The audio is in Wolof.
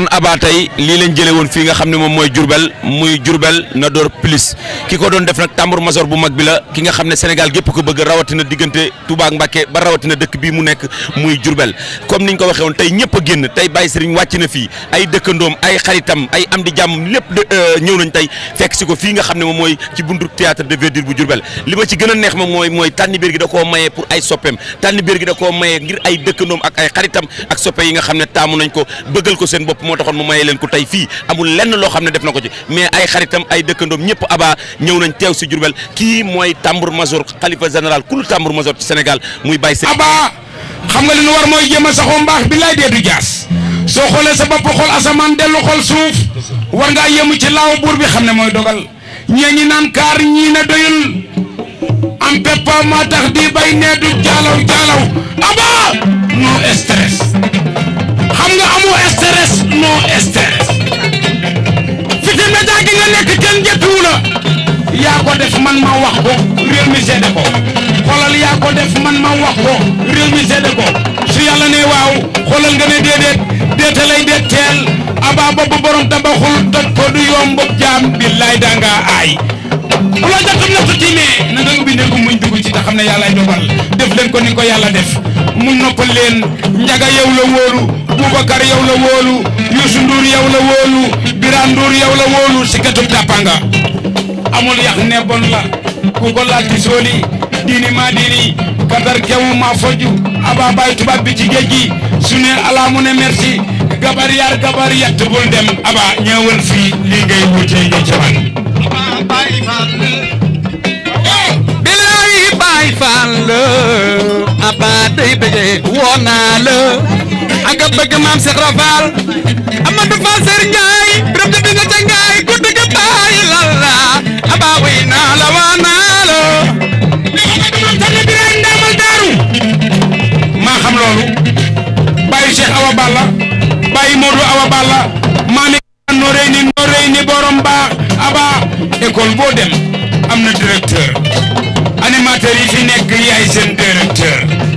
kon abaa tey lii lañ jëlee woon fii nga xam ne moom mooy Diourbel muy Diourbel na door plus ki ko doon def nag tambour major bu mag bi la ki nga xam ne Sénégal gépp ko bëgg rawatina diggante Touba ak Mbacké ba rawatina dëkk bii mu nekk muy Diourbel comme niñ ko waxee woon tey ñëpp a génn tey Baye Serigne wàcc na fii ay dëkkandoom ay xaritam ay am di jàmm lépp euh, ñëw nañ tey fekk si ko fii nga xam ne moom mooy ci buntu théâtre de verdure bu Diourbel li ma ci gën a neex moom mooy mooy tànn biir gi da koo mayee pour ay soppeem tànn biir gi da dëkkandoom ak ay xaritam ak soppe yi nga xam ne taamu nañ ko bëggal ko seen bopp moo taxoon mu maye leen ko tey fii amul lenn loo xam ne def na ko ci mais ay xaritam ay dëkkandoom ñëpp aba ñëw nañ teew si Jurbel kii mooy tambour major xalifa général kul tambour major ci Sénégal muy bàyyi seen aba xam nga li nu war mooy jéem a saxoo mbaax bi lay dee du jaas soo xoolee sa bopp xool asamaan dellu xool suuf war ngaa yemu ci laaw buur bi xam ne mooy dogal ñee ñi naan kaar ñii ne doyul am peppa maa tax di bay nee du jaalaw jaalaw aba no xam nga amoo stress non stress fitina daa gi nga nekk kenn jëttuwu la yaa ko def man ma wax ko réew mi seede ko xoolal yaa ko def man ma wax ko réew mi seede ko su yàlla ne waaw xoolal nga ne déedéet déeta lay déet teel tabaxul toj ko du yomb jaam billaay danga aay loo jot am natt tiimee na nga ubbi néegu muñ dugg ci te xam ne yàllaay dogal def leen ko ni ko yàlla def mu noppal leen Njaga yow la wóolu Boubacar yow la wóolu Youssou Ndour yow la wóolu Birane Ndour yow la wóolu si katum tàppanga amul yax ne la ku ko laal ci diini maa diini kewu maa aba bay tubaab bi ci su ne ala ne merci gabar yaar gabar dem aba ñëwal fii lii ngay wutee nga billaay baay faal la abaa day bëgge woo naa la ak a bëgg maam Seex Rafaal Amadu Faal Seer Njaay biram ja dinga ca ngaay gudd ga baay lalla abaa way naa la waa naa la maa xam loolu bàyyi Cheikh Awa Balla bàyyi Modou Awa Balla maami noorey ni noorey ni borom baax Aba école boo dem am na directeur animateur yi fi nekk yaay seen directeur